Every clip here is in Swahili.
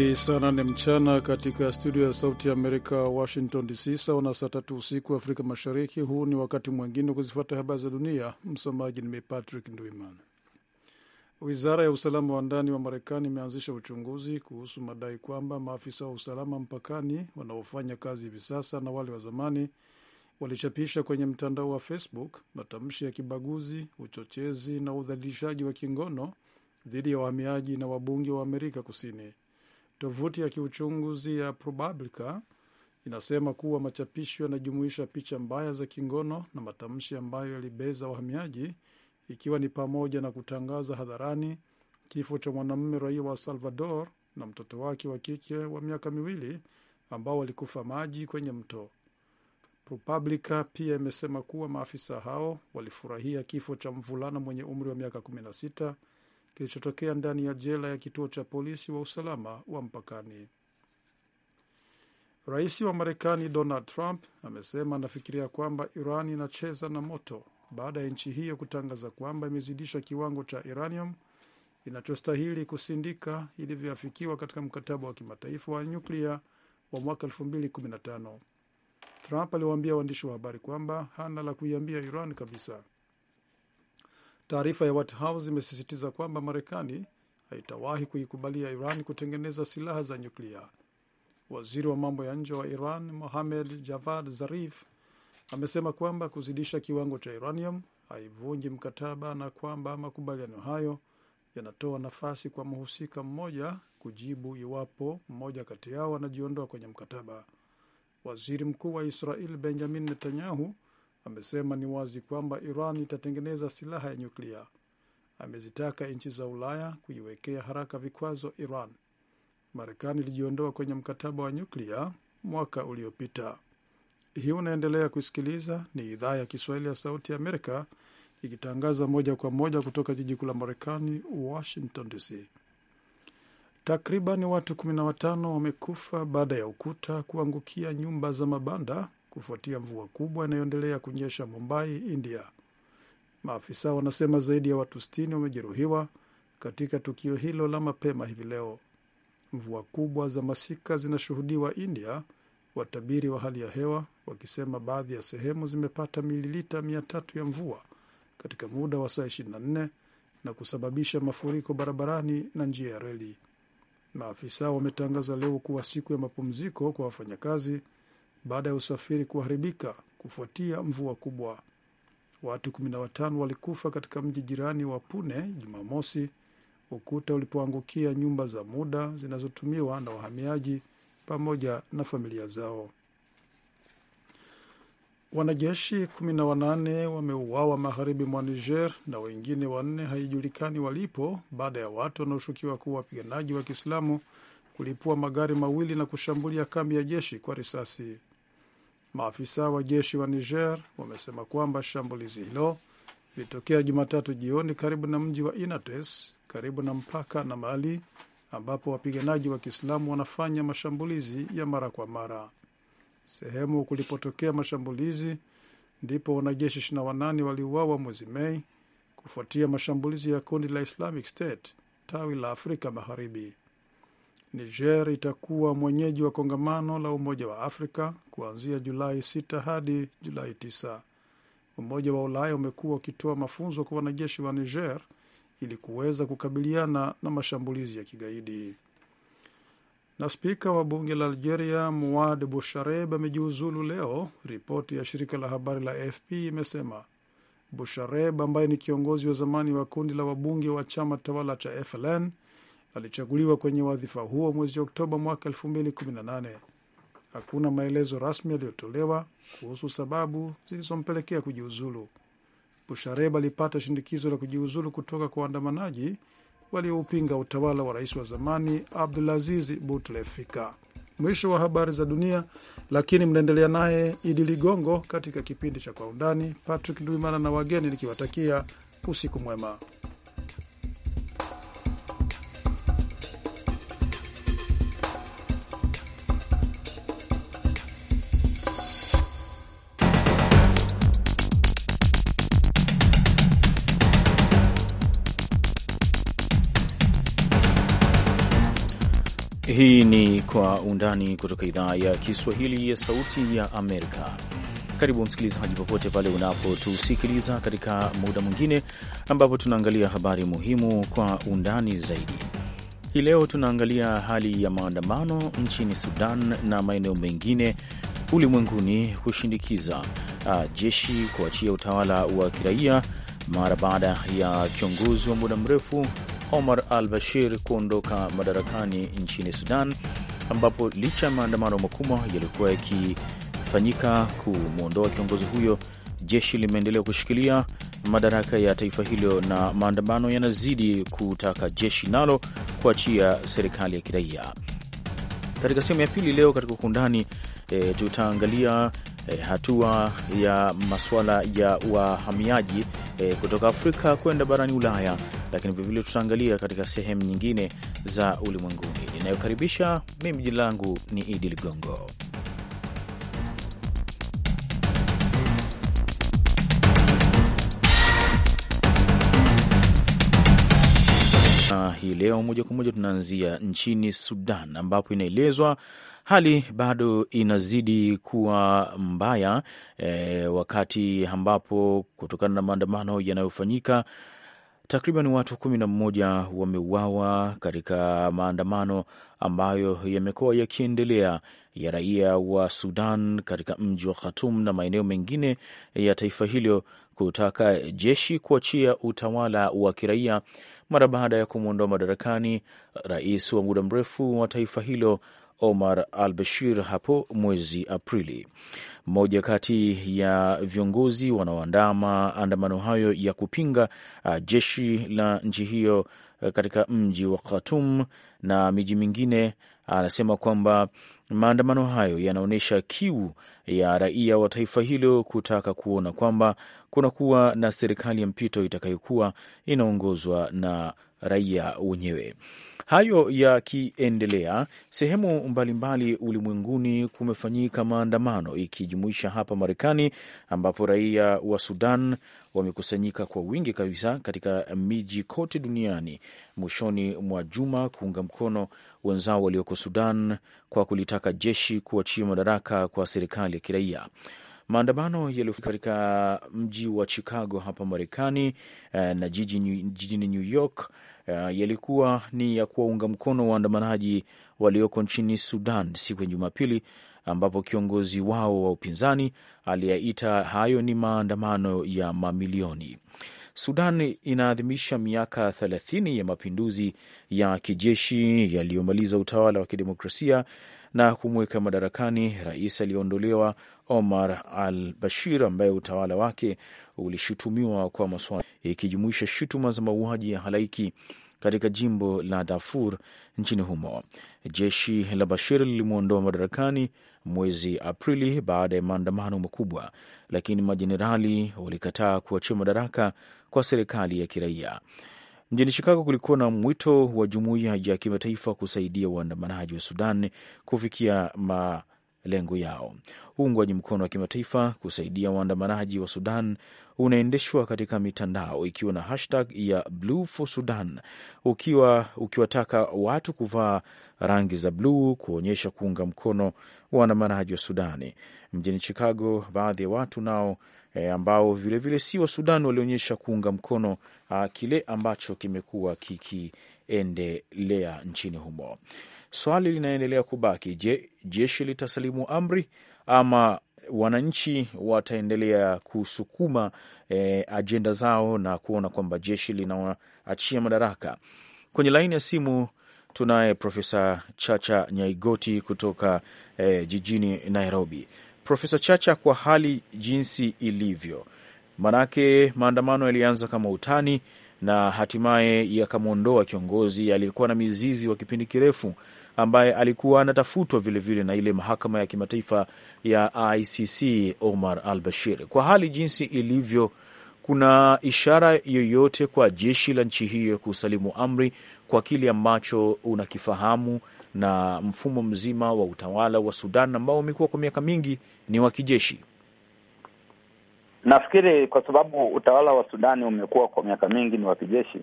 Ni saa nane mchana katika studio ya Sauti ya Amerika, Washington DC, sawa na saa tatu usiku Afrika Mashariki. Huu ni wakati mwingine kuzifuata habari za dunia. Msomaji ni mimi Patrick Ndwiman. Wizara ya usalama wa ndani wa Marekani imeanzisha uchunguzi kuhusu madai kwamba maafisa wa usalama mpakani wanaofanya kazi hivi sasa na wale wa zamani walichapisha kwenye mtandao wa Facebook matamshi ya kibaguzi, uchochezi na udhalilishaji wa kingono dhidi ya wahamiaji na wabunge wa Amerika Kusini. Tovuti ya kiuchunguzi ya Propublica inasema kuwa machapisho yanajumuisha picha mbaya za kingono na matamshi ambayo yalibeza wahamiaji, ikiwa ni pamoja na kutangaza hadharani kifo cha mwanamume raia wa Salvador na mtoto wake wa kike wa miaka miwili ambao walikufa maji kwenye mto. Propublica pia imesema kuwa maafisa hao walifurahia kifo cha mvulana mwenye umri wa miaka 16 kilichotokea ndani ya jela ya kituo cha polisi wa usalama wa mpakani. Rais wa Marekani Donald Trump amesema anafikiria kwamba Iran inacheza na moto baada ya nchi hiyo kutangaza kwamba imezidisha kiwango cha uranium inachostahili kusindika ilivyoafikiwa katika mkataba wa kimataifa wa nyuklia wa mwaka 2015. Trump aliwaambia waandishi wa habari kwamba hana la kuiambia Iran kabisa. Taarifa ya White House imesisitiza kwamba Marekani haitawahi kuikubalia Iran kutengeneza silaha za nyuklia. Waziri wa mambo ya nje wa Iran Mohamed Javad Zarif amesema kwamba kuzidisha kiwango cha uranium haivunji mkataba na kwamba makubaliano hayo yanatoa nafasi kwa mhusika mmoja kujibu iwapo mmoja kati yao anajiondoa kwenye mkataba. Waziri mkuu wa Israel Benjamin Netanyahu amesema ni wazi kwamba Iran itatengeneza silaha ya nyuklia. Amezitaka nchi za Ulaya kuiwekea haraka vikwazo Iran. Marekani ilijiondoa kwenye mkataba wa nyuklia mwaka uliopita. Hii unaendelea kusikiliza, ni idhaa ya Kiswahili ya Sauti ya Amerika ikitangaza moja kwa moja kutoka jiji kuu la Marekani, Washington DC. Takriban watu 15 wamekufa baada ya ukuta kuangukia nyumba za mabanda kufuatia mvua kubwa inayoendelea kunyesha Mumbai, India. Maafisa wanasema zaidi ya watu 60 wamejeruhiwa katika tukio hilo la mapema hivi leo. Mvua kubwa za masika zinashuhudiwa India, watabiri wa hali ya hewa wakisema baadhi ya sehemu zimepata mililita 300 ya mvua katika muda wa saa 24 na kusababisha mafuriko barabarani na njia ya reli. Maafisa wametangaza leo kuwa siku ya mapumziko kwa wafanyakazi baada ya usafiri kuharibika kufuatia mvua kubwa. Watu 15 walikufa katika mji jirani wa Pune Jumamosi, ukuta ulipoangukia nyumba za muda zinazotumiwa na wahamiaji pamoja na familia zao. Wanajeshi 18 wameuawa magharibi mwa Niger na wengine wanne haijulikani walipo baada ya watu wanaoshukiwa kuwa wapiganaji wa Kiislamu kulipua magari mawili na kushambulia kambi ya jeshi kwa risasi. Maafisa wa jeshi wa Niger wamesema kwamba shambulizi hilo lilitokea Jumatatu jioni karibu na mji wa Inates karibu na mpaka na Mali ambapo wapiganaji wa Kiislamu wanafanya mashambulizi ya mara kwa mara. Sehemu kulipotokea mashambulizi ndipo wanajeshi 28 waliuawa mwezi Mei kufuatia mashambulizi ya kundi la Islamic State tawi la Afrika Magharibi. Niger itakuwa mwenyeji wa kongamano la Umoja wa Afrika kuanzia Julai 6 hadi Julai 9. Umoja wa Ulaya umekuwa ukitoa mafunzo kwa wanajeshi wa Niger ili kuweza kukabiliana na mashambulizi ya kigaidi. Na spika wa bunge la Algeria Muad Bushareb amejiuzulu leo, ripoti ya shirika la habari la AFP imesema. Bushareb ambaye ni kiongozi wa zamani wa kundi la wabunge wa chama tawala cha FLN alichaguliwa kwenye wadhifa huo mwezi Oktoba mwaka 2018. Hakuna maelezo rasmi yaliyotolewa kuhusu sababu zilizompelekea kujiuzulu. Bushareb alipata shindikizo la kujiuzulu kutoka kwa waandamanaji walioupinga utawala wa rais wa zamani Abdulaziz Butlefika. Mwisho wa habari za dunia, lakini mnaendelea naye Idi Ligongo katika kipindi cha Kwa Undani. Patrick Duimana na wageni nikiwatakia usiku mwema. Kwa Undani kutoka idhaa ya Kiswahili ya Sauti ya Amerika. Karibu msikilizaji, popote pale unapotusikiliza katika muda mwingine ambapo tunaangalia habari muhimu kwa undani zaidi. Hii leo tunaangalia hali ya maandamano nchini Sudan na maeneo mengine ulimwenguni kushindikiza uh, jeshi kuachia utawala wa kiraia mara baada ya kiongozi wa muda mrefu Omar al Bashir kuondoka madarakani nchini Sudan ambapo licha ya maandamano makubwa yaliyokuwa yakifanyika kumwondoa kiongozi huyo, jeshi limeendelea kushikilia madaraka ya taifa hilo na maandamano yanazidi kutaka jeshi nalo kuachia serikali ya kiraia. Katika sehemu ya pili leo katika Ukundani e, eh, tutaangalia e, hatua ya masuala ya wahamiaji e, kutoka Afrika kwenda barani Ulaya, lakini vilevile tutaangalia katika sehemu nyingine za ulimwenguni. Ninayokaribisha mimi, jina langu ni Idi Ligongo. Ah, hii leo moja kwa moja tunaanzia nchini Sudan ambapo inaelezwa Hali bado inazidi kuwa mbaya e, wakati ambapo kutokana na maandamano yanayofanyika takriban watu kumi na mmoja wameuawa katika maandamano ambayo yamekuwa yakiendelea ya raia wa Sudan katika mji wa Khartoum na maeneo mengine ya taifa hilo kutaka jeshi kuachia utawala wa kiraia mara baada ya kumwondoa madarakani rais wa muda mrefu wa taifa hilo Omar al Bashir hapo mwezi Aprili. Mmoja kati ya viongozi wanaoandaa maandamano hayo ya kupinga uh, jeshi la nchi hiyo uh, katika mji wa Khartoum na miji mingine anasema kwamba maandamano hayo yanaonyesha kiu ya raia wa taifa hilo kutaka kuona kwamba kunakuwa na serikali ya mpito itakayokuwa inaongozwa na raia wenyewe. Hayo yakiendelea sehemu mbalimbali ulimwenguni, kumefanyika maandamano ikijumuisha hapa Marekani, ambapo raia wa Sudan wamekusanyika kwa wingi kabisa katika miji kote duniani mwishoni mwa juma kuunga mkono wenzao walioko Sudan kwa kulitaka jeshi kuachia madaraka kwa serikali ya kiraia. Maandamano yaliyofika katika mji wa Chicago hapa Marekani eh, na jijini New York uh, yalikuwa ni ya kuwaunga mkono waandamanaji walioko nchini Sudan siku ya Jumapili, ambapo kiongozi wao wa upinzani aliyaita hayo ni maandamano ya mamilioni. Sudan inaadhimisha miaka 30 ya mapinduzi ya kijeshi yaliyomaliza utawala wa kidemokrasia na kumweka madarakani rais aliyeondolewa Omar al Bashir, ambaye utawala wake ulishutumiwa kwa masuala ikijumuisha shutuma za mauaji ya halaiki katika jimbo la Darfur nchini humo. Jeshi la Bashir lilimwondoa madarakani mwezi Aprili baada ya maandamano makubwa, lakini majenerali walikataa kuachia madaraka kwa serikali ya kiraia. Mjini Chicago kulikuwa na mwito wa jumuiya ya kimataifa kusaidia waandamanaji wa Sudan kufikia malengo yao. Uungwaji mkono wa kimataifa kusaidia waandamanaji wa Sudan unaendeshwa katika mitandao ikiwa na hashtag ya Blue for Sudan, ukiwa ukiwataka watu kuvaa rangi za bluu kuonyesha kuunga mkono waandamanaji wa Sudani. Mjini Chicago, baadhi ya watu nao e, ambao vilevile si wa Sudan walionyesha kuunga mkono a, ah, kile ambacho kimekuwa kikiendelea nchini humo. Swali linaendelea kubaki, je, jeshi litasalimu amri ama wananchi wataendelea kusukuma e, ajenda zao na kuona kwamba jeshi linaachia madaraka? Kwenye laini ya simu tunaye Profesa Chacha Nyaigoti kutoka e, jijini Nairobi. Profesa Chacha, kwa hali jinsi ilivyo, manake maandamano yalianza kama utani na hatimaye yakamwondoa kiongozi aliyekuwa na mizizi wa kipindi kirefu ambaye alikuwa anatafutwa vilevile na ile mahakama ya kimataifa ya ICC, Omar al Bashir. Kwa hali jinsi ilivyo, kuna ishara yoyote kwa jeshi la nchi hiyo kusalimu amri, kwa kile ambacho unakifahamu na mfumo mzima wa utawala wa Sudan ambao umekuwa kwa miaka mingi ni wa kijeshi. Nafikiri kwa sababu utawala wa Sudani umekuwa kwa miaka mingi ni wa kijeshi,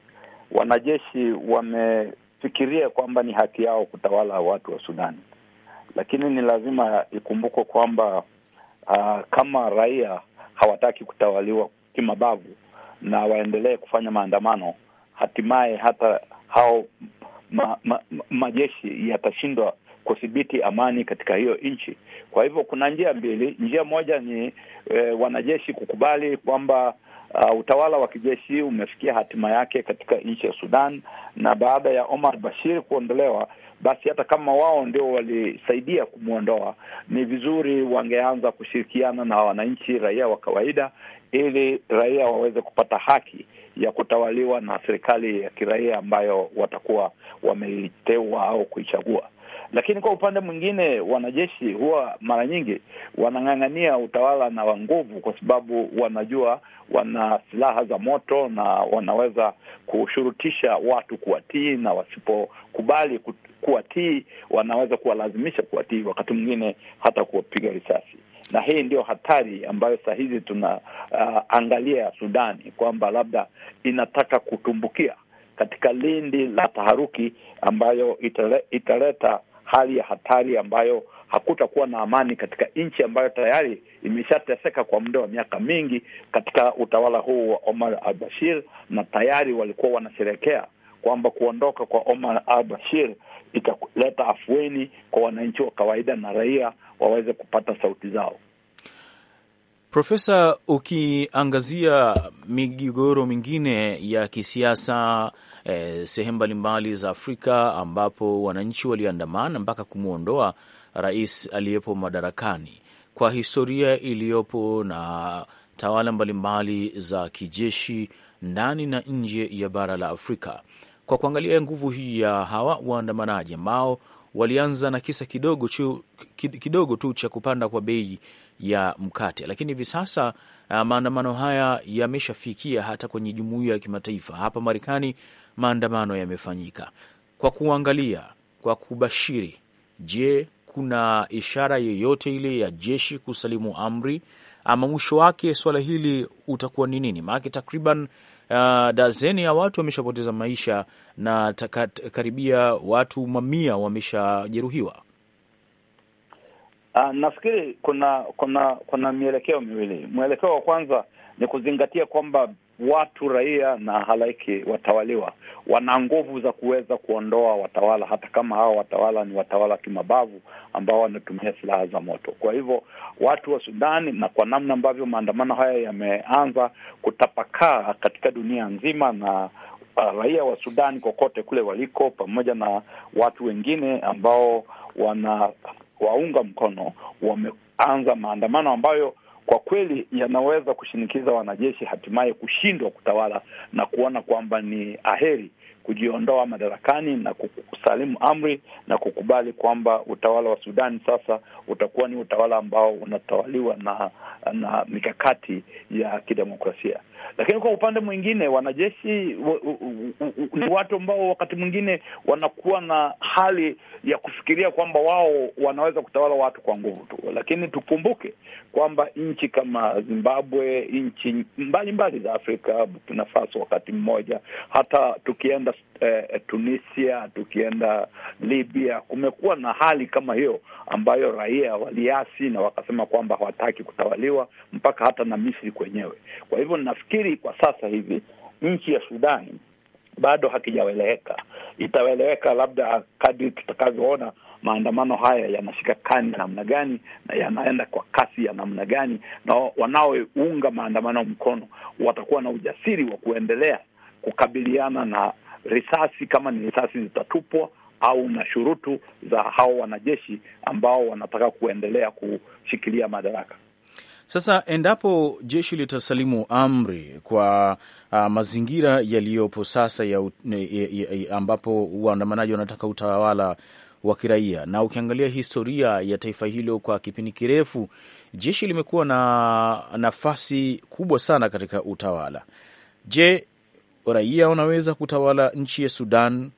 wanajeshi wamefikiria kwamba ni haki yao kutawala watu wa Sudani, lakini ni lazima ikumbukwe kwamba uh, kama raia hawataki kutawaliwa kimabavu na waendelee kufanya maandamano, hatimaye hata hao ma, ma, majeshi yatashindwa kudhibiti amani katika hiyo nchi. Kwa hivyo kuna njia mbili. Njia moja ni e, wanajeshi kukubali kwamba uh, utawala wa kijeshi umefikia hatima yake katika nchi ya Sudan, na baada ya Omar Bashir kuondolewa basi hata kama wao ndio walisaidia kumwondoa, ni vizuri wangeanza kushirikiana na wananchi, raia wa kawaida, ili raia waweze kupata haki ya kutawaliwa na serikali ya kiraia ambayo watakuwa wameiteua au kuichagua. Lakini kwa upande mwingine, wanajeshi huwa mara nyingi wanang'ang'ania utawala na wa nguvu, kwa sababu wanajua wana silaha za moto na wanaweza kushurutisha watu kuwatii, na wasipokubali kuwatii wanaweza kuwalazimisha kuwatii, wakati mwingine hata kuwapiga risasi na hii ndio hatari ambayo saa hizi tunaangalia uh, Sudani kwamba labda inataka kutumbukia katika lindi la taharuki ambayo itale, italeta hali ya hatari ambayo hakutakuwa na amani katika nchi ambayo tayari imeshateseka kwa muda wa miaka mingi katika utawala huu wa Omar al Bashir, na tayari walikuwa wanasherekea kwamba kuondoka kwa Omar al Bashir italeta afueni kwa wananchi wa kawaida na raia waweze kupata sauti zao. Profesa, ukiangazia migogoro mingine ya kisiasa eh, sehemu mbalimbali za Afrika ambapo wananchi waliandamana mpaka kumwondoa rais aliyepo madarakani, kwa historia iliyopo na tawala mbalimbali za kijeshi ndani na nje ya bara la Afrika, kwa kuangalia nguvu hii ya hawa waandamanaji ambao walianza na kisa kidogo, chu, kidogo tu cha kupanda kwa bei ya mkate, lakini hivi sasa uh, maandamano haya yameshafikia hata kwenye jumuiya ya kimataifa. Hapa Marekani maandamano yamefanyika kwa kuangalia, kwa kubashiri, je, kuna ishara yoyote ile ya jeshi kusalimu amri ama mwisho wake suala hili utakuwa ni nini? Maanake takriban Uh, dazeni ya watu wameshapoteza maisha na karibia watu mamia wameshajeruhiwa. Uh, nafikiri kuna kuna kuna mielekeo miwili. Mwelekeo wa kwanza ni kuzingatia kwamba watu raia na halaiki watawaliwa wana nguvu za kuweza kuondoa watawala, hata kama hawa watawala ni watawala kimabavu ambao wanatumia silaha za moto. Kwa hivyo watu wa Sudani, na kwa namna ambavyo maandamano haya yameanza kutapakaa katika dunia nzima na uh, raia wa Sudani kokote kule waliko, pamoja na watu wengine ambao wana waunga mkono, wameanza maandamano ambayo kwa kweli yanaweza kushinikiza wanajeshi hatimaye kushindwa kutawala na kuona kwamba ni aheri kujiondoa madarakani na kusalimu amri na kukubali kwamba utawala wa Sudani sasa utakuwa ni utawala ambao unatawaliwa na na mikakati ya kidemokrasia. Lakini kwa upande mwingine wanajeshi ni watu ambao wakati mwingine wanakuwa na hali ya kufikiria kwamba wao wanaweza kutawala watu kwa nguvu tu, lakini tukumbuke kwamba nchi kama Zimbabwe, nchi mbalimbali za Afrika, Burkina Faso wakati mmoja, hata tukienda Eh, eh, Tunisia, tukienda Libya, kumekuwa na hali kama hiyo ambayo raia waliasi na wakasema kwamba hawataki kutawaliwa mpaka hata na Misri kwenyewe. Kwa hivyo nafikiri kwa sasa hivi nchi ya Sudani bado hakijaeleweka, itaeleweka labda kadri tutakavyoona maandamano haya yanashika kani namna gani na yanaenda kwa kasi ya namna gani, na wanaounga maandamano mkono watakuwa na ujasiri wa kuendelea kukabiliana na risasi kama ni risasi zitatupwa au na shurutu za hao wanajeshi ambao wanataka kuendelea kushikilia madaraka. Sasa endapo jeshi litasalimu amri kwa a, ah, mazingira yaliyopo sasa ya, ya, ya, ambapo waandamanaji wanataka utawala wa kiraia, na ukiangalia historia ya taifa hilo kwa kipindi kirefu, jeshi limekuwa na nafasi kubwa sana katika utawala. Je, raia wanaweza kutawala nchi ya Sudan?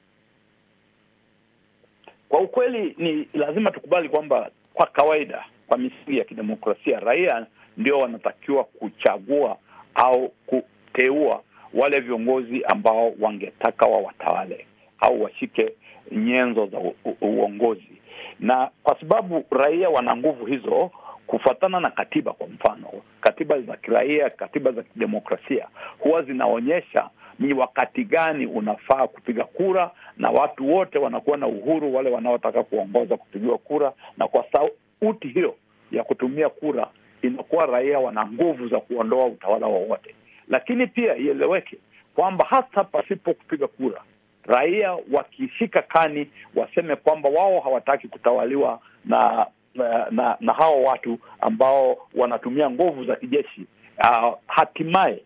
Kwa ukweli, ni lazima tukubali kwamba kwa kawaida, kwa misingi ya kidemokrasia, raia ndio wanatakiwa kuchagua au kuteua wale viongozi ambao wangetaka wawatawale au washike nyenzo za uongozi, na kwa sababu raia wana nguvu hizo kufuatana na katiba. Kwa mfano, katiba za kiraia, katiba za kidemokrasia huwa zinaonyesha ni wakati gani unafaa kupiga kura, na watu wote wanakuwa na uhuru, wale wanaotaka kuongoza kupigiwa kura, na kwa sauti hiyo ya kutumia kura inakuwa raia wana nguvu za kuondoa utawala wowote. Lakini pia ieleweke kwamba hata pasipo kupiga kura, raia wakishika kani, waseme kwamba wao hawataki kutawaliwa na na, na, na hawa watu ambao wanatumia nguvu za kijeshi uh, hatimaye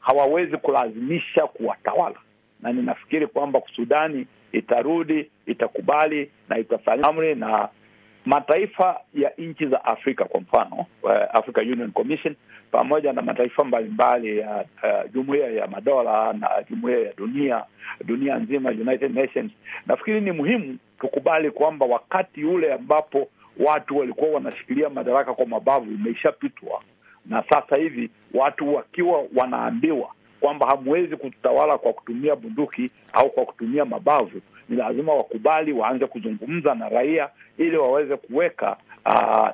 hawawezi kulazimisha kuwatawala, na ninafikiri kwamba Sudani itarudi itakubali na itafanya amri na mataifa ya nchi za Afrika kwa mfano eh, Africa Union Commission pamoja na mataifa mbalimbali ya uh, jumuiya ya madola na jumuiya ya dunia dunia nzima United Nations. Nafikiri ni muhimu tukubali kwamba wakati ule ambapo watu walikuwa wanashikilia madaraka kwa mabavu umeishapitwa, na sasa hivi watu wakiwa wanaambiwa kwamba hamwezi kutawala kwa kutumia bunduki au kwa kutumia mabavu, ni lazima wakubali, waanze kuzungumza na raia ili waweze kuweka uh,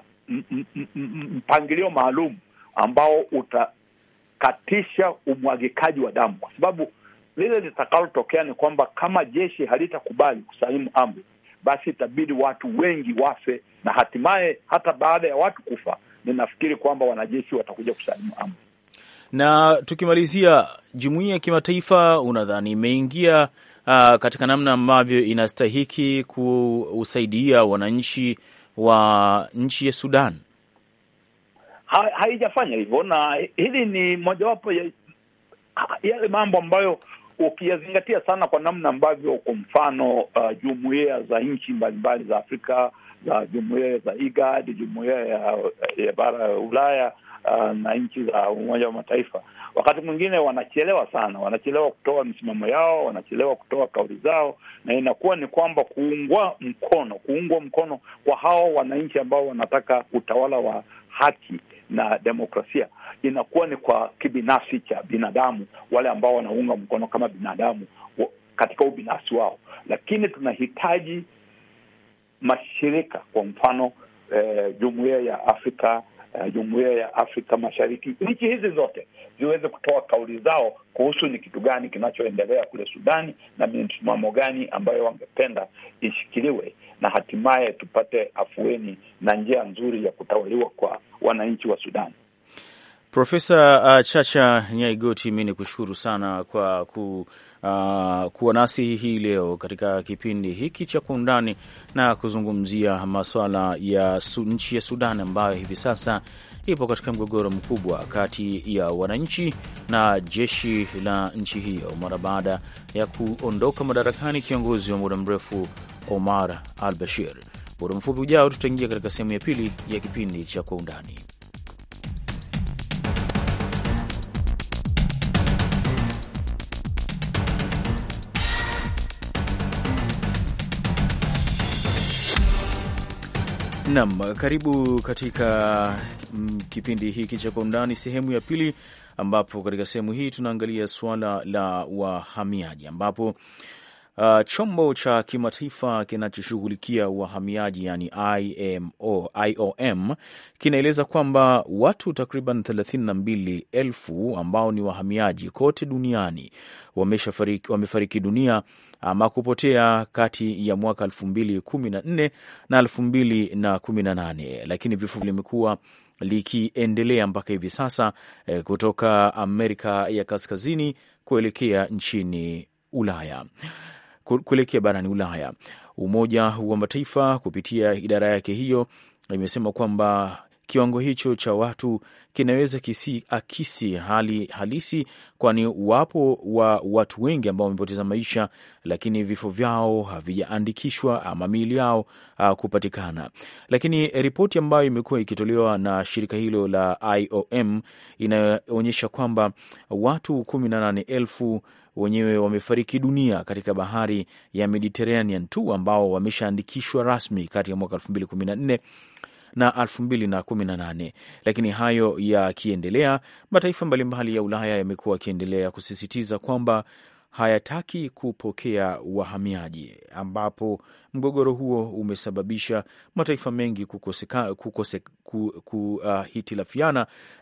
mpangilio maalum ambao utakatisha umwagikaji wa damu, kwa sababu lile litakalotokea ni kwamba kama jeshi halitakubali kusalimu amri, basi itabidi watu wengi wafe na hatimaye, hata baada ya watu kufa ninafikiri kwamba wanajeshi watakuja kusalimu amri. Na tukimalizia, jumuiya ya kimataifa unadhani imeingia uh, katika namna ambavyo inastahiki kusaidia wananchi wa nchi ya Sudan? Ha, haijafanya hivyo, na hili ni mojawapo ya yale mambo ambayo ukiyazingatia sana kwa namna ambavyo kwa mfano uh, jumuiya za nchi mbalimbali za Afrika za jumuia za IGAD, jumuia ya, ya bara ya Ulaya uh, na nchi za Umoja wa Mataifa. Wakati mwingine wanachelewa sana, wanachelewa kutoa misimamo yao, wanachelewa kutoa kauli zao, na inakuwa ni kwamba kuungwa mkono, kuungwa mkono kwa hao wananchi ambao wanataka utawala wa haki na demokrasia inakuwa ni kwa kibinafsi cha binadamu, wale ambao wanaunga mkono kama binadamu katika ubinafsi wao, lakini tunahitaji mashirika kwa mfano eh, jumuiya ya Afrika eh, jumuiya ya Afrika Mashariki, nchi hizi zote ziweze kutoa kauli zao kuhusu ni kitu gani kinachoendelea kule Sudani na misimamo gani ambayo wangependa ishikiliwe, na hatimaye tupate afueni na njia nzuri ya kutawaliwa kwa wananchi wa Sudani. Profesa uh, Chacha Nyaigoti, mi ni kushukuru sana kwa ku uh, kuwa nasi hii leo katika kipindi hiki cha Kwa Undani na kuzungumzia maswala ya su, nchi ya Sudan ambayo hivi sasa ipo katika mgogoro mkubwa kati ya wananchi na jeshi la nchi hiyo mara baada ya kuondoka madarakani kiongozi wa muda mrefu Omar al Bashir. Muda mfupi ujao tutaingia katika sehemu ya pili ya kipindi cha Kwa Undani. Nam, karibu katika mm, kipindi hiki cha Kwa Undani sehemu ya pili, ambapo katika sehemu hii tunaangalia suala la wahamiaji ambapo Uh, chombo cha kimataifa kinachoshughulikia wahamiaji yani IMO, IOM kinaeleza kwamba watu takriban 32 ambao ni wahamiaji kote duniani wameshafariki, wamefariki dunia ama kupotea kati ya mwaka 2014 na 2018, lakini vifo vimekuwa likiendelea mpaka hivi sasa eh, kutoka Amerika ya Kaskazini kuelekea nchini Ulaya kuelekea barani Ulaya. Umoja wa Mataifa kupitia idara yake hiyo imesema kwamba kiwango hicho cha watu kinaweza kisiakisi hali halisi, kwani wapo wa watu wengi ambao wamepoteza maisha, lakini vifo vyao havijaandikishwa ama miili yao ah, kupatikana. Lakini ripoti ambayo imekuwa ikitolewa na shirika hilo la IOM inaonyesha kwamba watu kumi na nane elfu wenyewe wamefariki dunia katika bahari ya Mediterranean tu ambao wameshaandikishwa rasmi kati ya mwaka 2014 na 2018. Lakini hayo yakiendelea, mataifa mbalimbali ya Ulaya yamekuwa yakiendelea kusisitiza kwamba hayataki kupokea wahamiaji, ambapo mgogoro huo umesababisha mataifa mengi kukoseka, kukose, uh,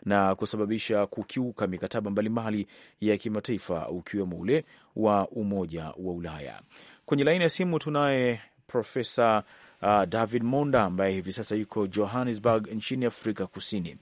na kusababisha kukiuka mikataba mbalimbali ya kimataifa ukiwemo ule wa Umoja wa Ulaya. Kwenye laini ya simu tunaye Profesa uh, David Monda ambaye hivi sasa yuko Johannesburg nchini Afrika Kusini.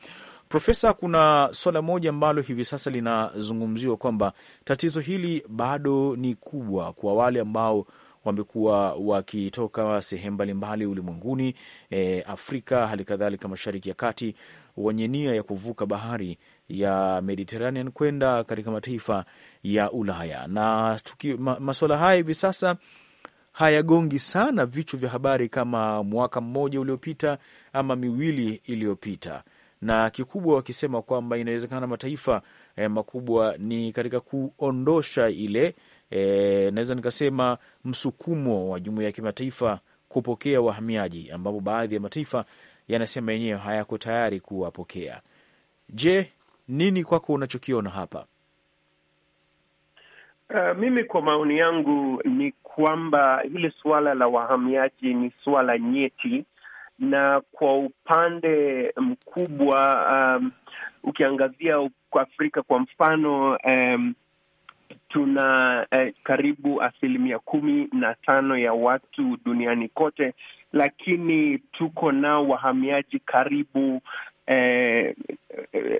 Profesa, kuna swala moja ambalo hivi sasa linazungumziwa kwamba tatizo hili bado ni kubwa kwa wale ambao wamekuwa wakitoka sehemu mbalimbali ulimwenguni, e, Afrika hali kadhalika Mashariki ya Kati, wenye nia ya kuvuka bahari ya Mediterranean kwenda katika mataifa ya Ulaya na tuki, ma, masuala haya hivi sasa hayagongi sana vichwa vya habari kama mwaka mmoja uliopita ama miwili iliyopita, na kikubwa wakisema kwamba inawezekana mataifa eh, makubwa ni katika kuondosha ile eh, naweza nikasema msukumo wa jumuiya ya kimataifa kupokea wahamiaji, ambapo baadhi ya mataifa yanasema yenyewe hayako tayari kuwapokea. Je, nini kwako unachokiona hapa? Uh, mimi kwa maoni yangu ni kwamba hili suala la wahamiaji ni suala nyeti, na kwa upande mkubwa um, ukiangazia Afrika kwa mfano um, tuna eh, karibu asilimia kumi na tano ya watu duniani kote, lakini tuko nao wahamiaji karibu eh,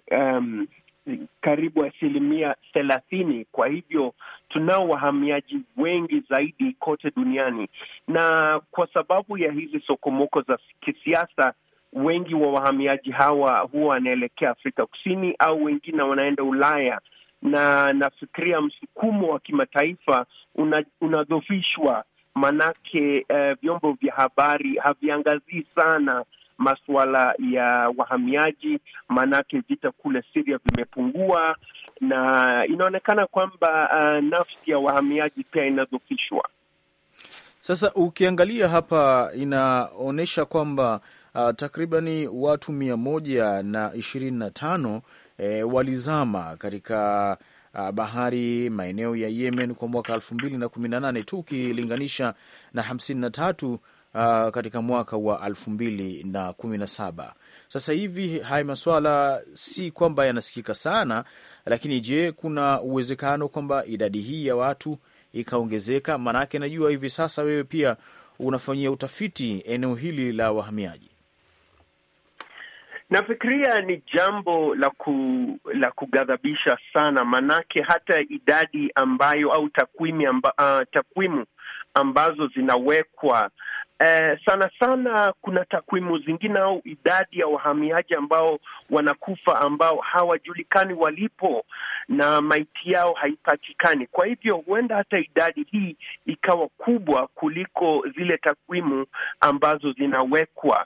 eh um, karibu asilimia thelathini. Kwa hivyo tunao wahamiaji wengi zaidi kote duniani, na kwa sababu ya hizi sokomoko za kisiasa, wengi wa wahamiaji hawa huwa wanaelekea Afrika Kusini au wengine wanaenda Ulaya, na nafikiria msukumo wa kimataifa una, unadhofishwa, manake uh, vyombo vya habari haviangazii sana masuala ya wahamiaji, maanake vita kule siria vimepungua, na inaonekana kwamba uh, nafsi ya wahamiaji pia inadhofishwa. Sasa ukiangalia hapa inaonyesha kwamba uh, takribani watu mia moja na ishirini na tano eh, walizama katika uh, bahari maeneo ya Yemen kwa mwaka elfu mbili na kumi na nane tu ukilinganisha na hamsini na tatu uh, katika mwaka wa elfu mbili na kumi na saba. Sasa hivi haya maswala si kwamba yanasikika sana, lakini je, kuna uwezekano kwamba idadi hii ya watu ikaongezeka? Maanake najua hivi sasa wewe pia unafanyia utafiti eneo hili la wahamiaji. Nafikiria ni jambo la ku, la kugadhabisha sana, manake hata idadi ambayo au takwimu amba, uh, takwimu ambazo zinawekwa Eh, sana sana kuna takwimu zingine au idadi ya wahamiaji ambao wanakufa ambao hawajulikani walipo na maiti yao haipatikani. Kwa hivyo huenda hata idadi hii ikawa kubwa kuliko zile takwimu ambazo zinawekwa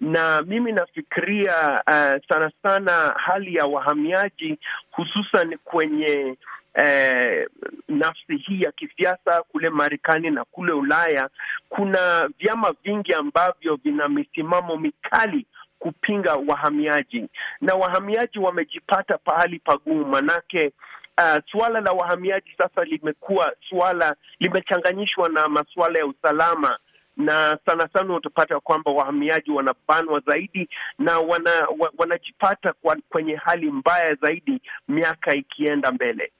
na mimi nafikiria uh, sana sana hali ya wahamiaji hususan kwenye uh, nafsi hii ya kisiasa kule Marekani na kule Ulaya, kuna vyama vingi ambavyo vina misimamo mikali kupinga wahamiaji, na wahamiaji wamejipata pahali pagumu, manake uh, suala la wahamiaji sasa limekuwa suala limechanganyishwa na masuala ya usalama na sana sana utapata kwamba wahamiaji wanabanwa zaidi na wana, wa, wanajipata kwa, kwenye hali mbaya zaidi miaka ikienda mbele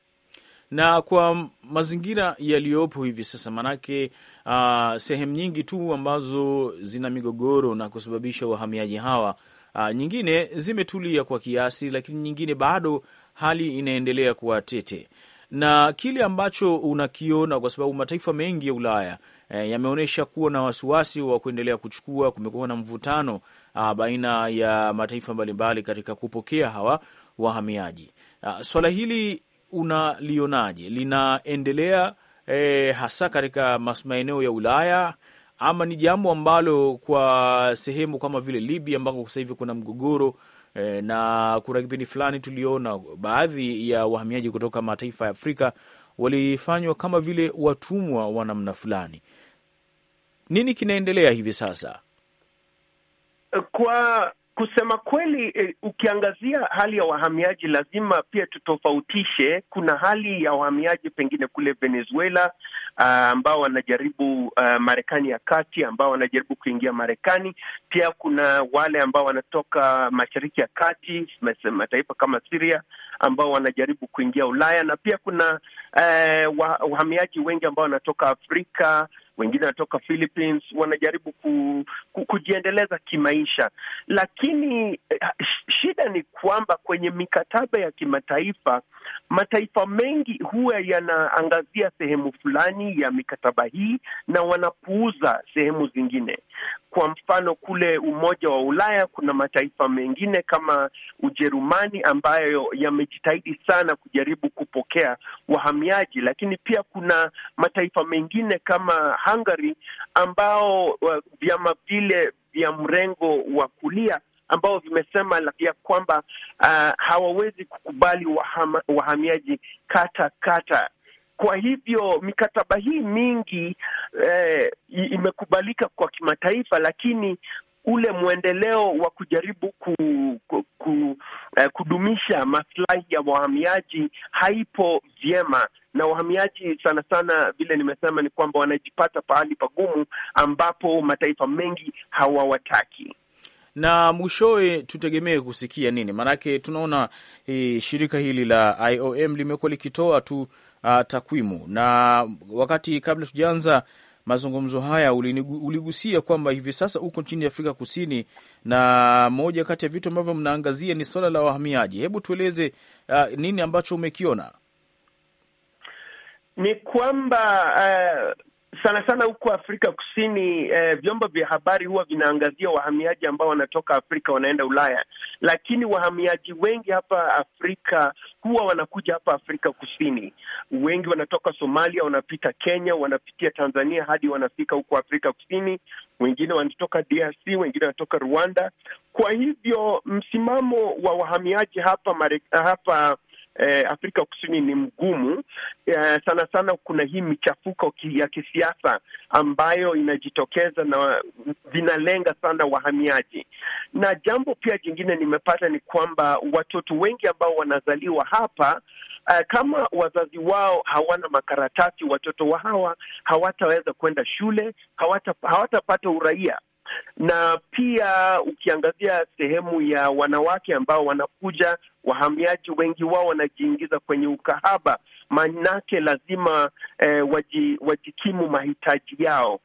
na kwa mazingira yaliyopo hivi sasa, maanake uh, ah, sehemu nyingi tu ambazo zina migogoro na kusababisha wahamiaji hawa uh, nyingine zimetulia kwa kiasi, lakini nyingine bado hali inaendelea kuwa tete na kile ambacho unakiona, kwa sababu mataifa mengi ya Ulaya e, yameonyesha kuwa na wasiwasi wa kuendelea kuchukua. Kumekuwa na mvutano a, ah, baina ya mataifa mbalimbali katika kupokea hawa wahamiaji. Ah, swala hili unalionaje? Linaendelea e, hasa katika maeneo ya Ulaya ama ni jambo ambalo kwa sehemu kama vile Libya ambako sasa hivi kuna mgogoro e, na kuna kipindi fulani tuliona baadhi ya wahamiaji kutoka mataifa ya Afrika walifanywa kama vile watumwa wa namna fulani. Nini kinaendelea hivi sasa? Kwa kusema kweli, e, ukiangazia hali ya wahamiaji lazima pia tutofautishe. Kuna hali ya wahamiaji pengine kule Venezuela Uh, ambao wanajaribu uh, Marekani ya kati ambao wanajaribu kuingia Marekani. Pia kuna wale ambao wanatoka mashariki ya kati, mataifa kama siria ambao wanajaribu kuingia Ulaya, na pia kuna uh, wa, wahamiaji wengi ambao wanatoka Afrika wengine wanatoka Philippines wanajaribu ku, ku, kujiendeleza kimaisha, lakini uh, shida ni kwamba kwenye mikataba ya kimataifa mataifa mengi huwa yanaangazia sehemu fulani ndani ya mikataba hii na wanapuuza sehemu zingine. Kwa mfano, kule Umoja wa Ulaya kuna mataifa mengine kama Ujerumani ambayo yamejitahidi sana kujaribu kupokea wahamiaji, lakini pia kuna mataifa mengine kama Hungary ambao uh, vyama vile vya mrengo wa kulia ambao vimesema ya kwamba uh, hawawezi kukubali wahama, wahamiaji kata kata kwa hivyo mikataba hii mingi eh, imekubalika kwa kimataifa, lakini ule mwendeleo wa kujaribu ku, ku, ku, eh, kudumisha maslahi ya wahamiaji haipo vyema, na wahamiaji sana sana, vile nimesema, ni kwamba wanajipata pahali pagumu ambapo mataifa mengi hawawataki na mwishowe tutegemee kusikia nini? Maanake tunaona e, shirika hili la IOM limekuwa likitoa tu uh, takwimu. Na wakati kabla tujaanza mazungumzo haya uligusia kwamba hivi sasa huko nchini Afrika Kusini, na moja kati ya vitu ambavyo mnaangazia ni swala la wahamiaji. Hebu tueleze uh, nini ambacho umekiona? Ni kwamba uh, sana sana huko Afrika Kusini eh, vyombo vya habari huwa vinaangazia wahamiaji ambao wanatoka Afrika wanaenda Ulaya, lakini wahamiaji wengi hapa Afrika huwa wanakuja hapa Afrika Kusini. Wengi wanatoka Somalia, wanapita Kenya, wanapitia Tanzania hadi wanafika huko Afrika Kusini. Wengine wanatoka DRC, wengine wanatoka Rwanda. Kwa hivyo msimamo wa wahamiaji hapa Marek, hapa eh, Afrika Kusini ni mgumu eh, sana sana. Kuna hii michafuko ya kisiasa ambayo inajitokeza na vinalenga sana wahamiaji, na jambo pia jingine nimepata ni kwamba watoto wengi ambao wanazaliwa hapa Uh, kama wazazi wao hawana makaratasi, watoto wa hawa hawataweza kwenda shule, hawatapata hawata uraia na pia ukiangazia sehemu ya wanawake ambao wanakuja wahamiaji, wengi wao wanajiingiza kwenye ukahaba, manake lazima eh, waji, wajikimu mahitaji yao.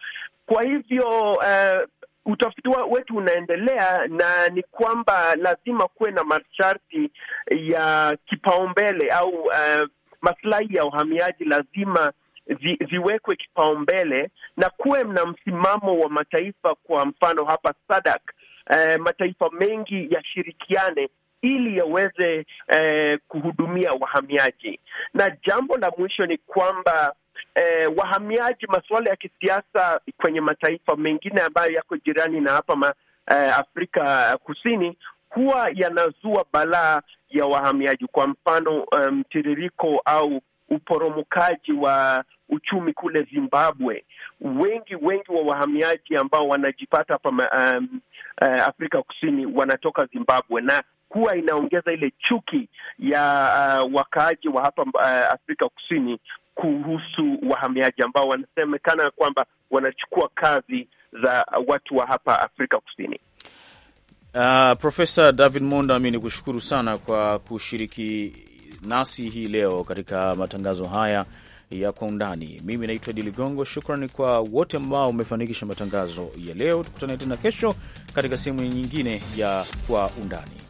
Kwa hivyo eh, utafiti wetu unaendelea na ni kwamba lazima kuwe na masharti ya kipaumbele au eh, maslahi ya uhamiaji lazima zi, ziwekwe kipaumbele na kuwe na msimamo wa mataifa. Kwa mfano hapa SADC eh, mataifa mengi yashirikiane ili yaweze eh, kuhudumia wahamiaji. Na jambo la mwisho ni kwamba eh, wahamiaji, masuala ya kisiasa kwenye mataifa mengine ambayo yako jirani na hapa ma, eh, Afrika Kusini huwa yanazua balaa ya wahamiaji. Kwa mfano eh, mtiririko um, au uporomokaji wa uchumi kule Zimbabwe. Wengi wengi wa wahamiaji ambao wanajipata hapa um, uh, Afrika Kusini wanatoka Zimbabwe na kuwa inaongeza ile chuki ya uh, wakaaji wa hapa uh, Afrika Kusini kuhusu wahamiaji ambao wanasemekana kwamba wanachukua kazi za watu wa hapa Afrika Kusini. Uh, Profesa David Monda, mi ni kushukuru sana kwa kushiriki nasi hii leo katika matangazo haya ya kwa undani. Mimi naitwa Idi Ligongo. Shukrani kwa wote ambao umefanikisha matangazo ya leo. Tukutane tena kesho katika sehemu nyingine ya kwa undani.